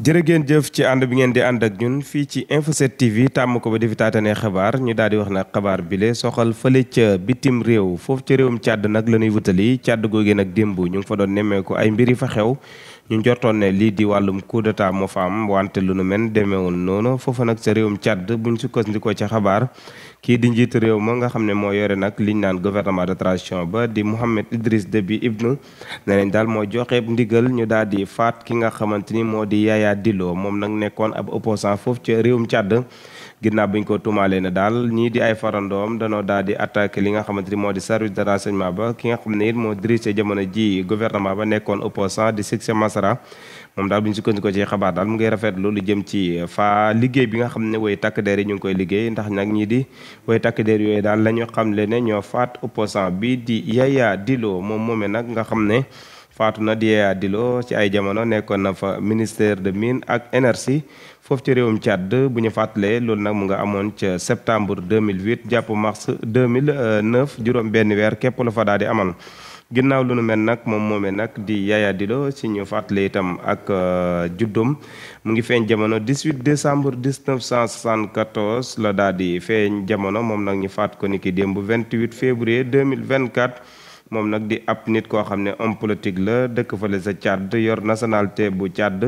jërëgeen jëf ci ànd bi ngeen di ànd ak ñun fii ci Info 7 TV tàmm ko ba di fi taatane xabaar ñu daal di wax nag xabaar bi le soxal fële ca bitim réew foofu ca réewum càdd nag la ñuy wutali càdd googee nag démb ñu ngi fa doon nemmeeku ay mbir yi fa xew ñu njortoon ne lii di wàllum coup d'état moo fa wante lu nu men demeewul noonu foofa nag ca réewum càdd buñ sukkandikoo ca xabaar kii di njiit réew ma nga xam ne moo yore nag liñ naan gouvernement de transition ba di Mohamed Idriss Déby Itno ne nañ daal moo joxeeb ndigal ñu daal di faat ki nga xamante ni moo di Yaya Dillo moom nag nekkoon ab opposant foofu ca réewum càdd ginnaaw bi ñu ko tuumaalee ne daal ñii di ay farandoom danoo daal di attaqué li nga xamante ni moo di service de renseignement ba ki nga xam ne it moo dirigé jamono ji gouvernement ba nekkoon opposant di Sixé Masara moom daal bu ñu sukkandikoo ci xabaar daal mu ngay rafetlu lu jëm ci fa liggéey bi nga xam ne way takk der yi ñu ngi koy liggéey ndax nag ñii di way takk der yooyu daal la ñu xam le ne ñoo faat opposant bi di Yaya Dillo moom moomee nag nga xam ne faatu na Diéya Dilo ci ay jamono nekkoon na fa ministère de mine ak énergie foofu ci réewum Tchad bu ñu fàttalee loolu nag mu nga amoon ca mille 2008 jàpp mars 2009 juróom benn weer képp lu fa daal di amal ginnaaw lu nu mel nag moom moomee nag di Yaya Dilo si ñu fàttale itam ak euh, juddum mu ngi feeñ jamono dix 18 décembre 1974 la daal di feeñ jamono moom nag ñu faat ko ni ki démb 28 février 2024 moom nag di ab nit koo xam ne homme politique la dëkk fale sa Tchad yor nationalité bu Tchad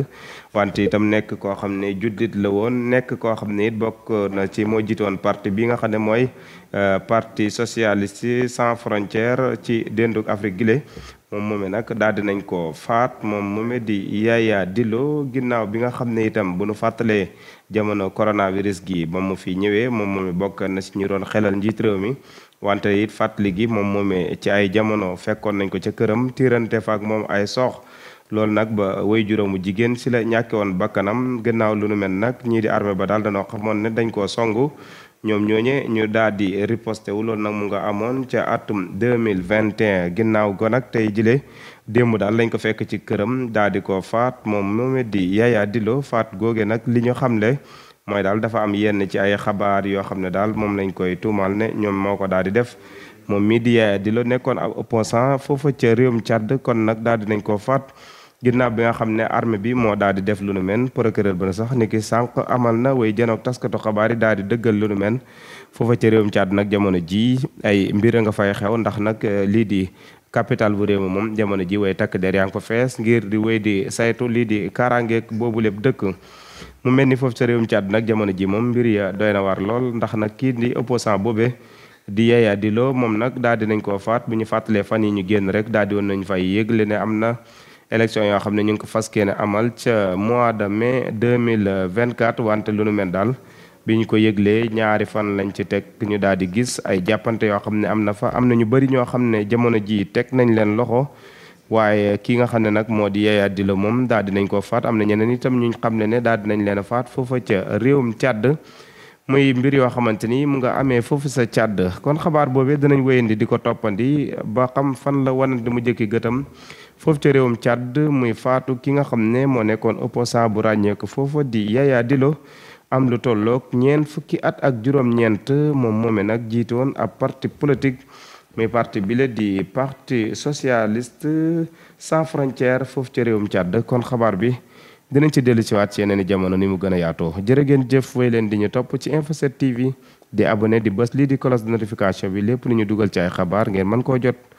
wante itam nekk koo xam ne jullit la woon nekk koo xam ne it bokk na ci moo jiitoon parti bi nga xam ne mooy euh, parti socialiste sans frontière ci denduk Afrique gile moom moome nag daal nañ ko faat moom moome di Yaya Dillo ginnaaw bi nga xam ne itam bu nu fàttalee jamono coronavirus gi ba mu fi ñëwee moom moome bokk na si ñu doon xelal njiit réew mi wante it fàttali gi moom moomee ci ay jamono fekkoon nañ ko ca këram tirante fa ak moom ay soox loolu nag ba way juróomu jigéen si la ñàkke woon bakkanam gannaaw lu nu mel nag ñii di armée ba daal danoo xamoon ne dañ koo songu ñoom ñooñe ñu daal di riposté wu nag mu nga amoon ca atum mille vingt 2021 ginnaaw go nag tey jile démb daal lañ ko fekk ci këram daal di ko faat moom moome di Yaya Dillo faat googe nag li ñu xamle mooy daal dafa am yenn ci ay xabaar yoo xam ne daal moom lañ koy tuumaal ne ñoom moo ko daal di def moom mii di Yaya eh, Dillo nekkoon ab opposant foofa ca réewum Tchad kon nag daal di nañ koo faat ginnaaw bi nga xam ne arme bi moo daal di def lu nu mel procureur ba sax ni ki sànq amal na way janoog taskatu xabaar yi daal di dëggal lu nu mel foofa ci réewum Tchad nag jamono ji ay mbir a nga fay xew ndax nag eh, lii di capital bu réew mi moom jamono ji way takk der yaa ngi ko fees ngir di way di saytu lii di kaaraangeeg boobu lépp dëkk mu mel ni foofu ca réewum Caad nag jamono ji moom mbir ya doy na waar lool ndax nag kii di opposant boobee di Yaya Dillo moom nag daal di nañ koo faat bu ñu fàttalee fan yi ñu génn rek daal di woon nañ fay yëgle ne am na élection yoo xam ne ñu ngi ko fas yéene amal mois de mai 2024 wante lu nu mel daal bi ñu ko yëglee ñaari fan lañ ci teg ñu daal di gis ay jàppante yoo xam ne am na fa am na ñu bëri ñoo xam ne jamono ji teg nañ leen loxo waaye kii nga xam ne nag moo di Yaya Dillo moom daal dinañ ko faat am na ñeneen itam ñu xam ne ne daal dinañ leen faat foofa ca réewum Tchad muy mbir yoo xamante ni mu nga amee foofu sa Tchad kon xabaar boobee dinañ wéyandi di ko toppandi ba xam fan la wanante mu jëkki gëtam foofu ca réewum càdd muy faatu ki nga xam ne moo nekkoon opposant bu ràññeeku foofa di Yaya dilo am lu tollook ñeent fukki at ak juróom-ñeent moom moome nag jiitoon ab parti politique muy parti bile di parti socialiste sans frontière foofu ci réewum Tchad kon xabaar bi dinañ ci dellu siwaat ci yeneen i jamono ni mu gën a yaatoo jërë ngeen jëf way leen di ñu topp ci Info 7 TV di abonné di bës lii di cloche de notification bi lépp lu ñu dugal ci ay xabaar ngeen mën koo jot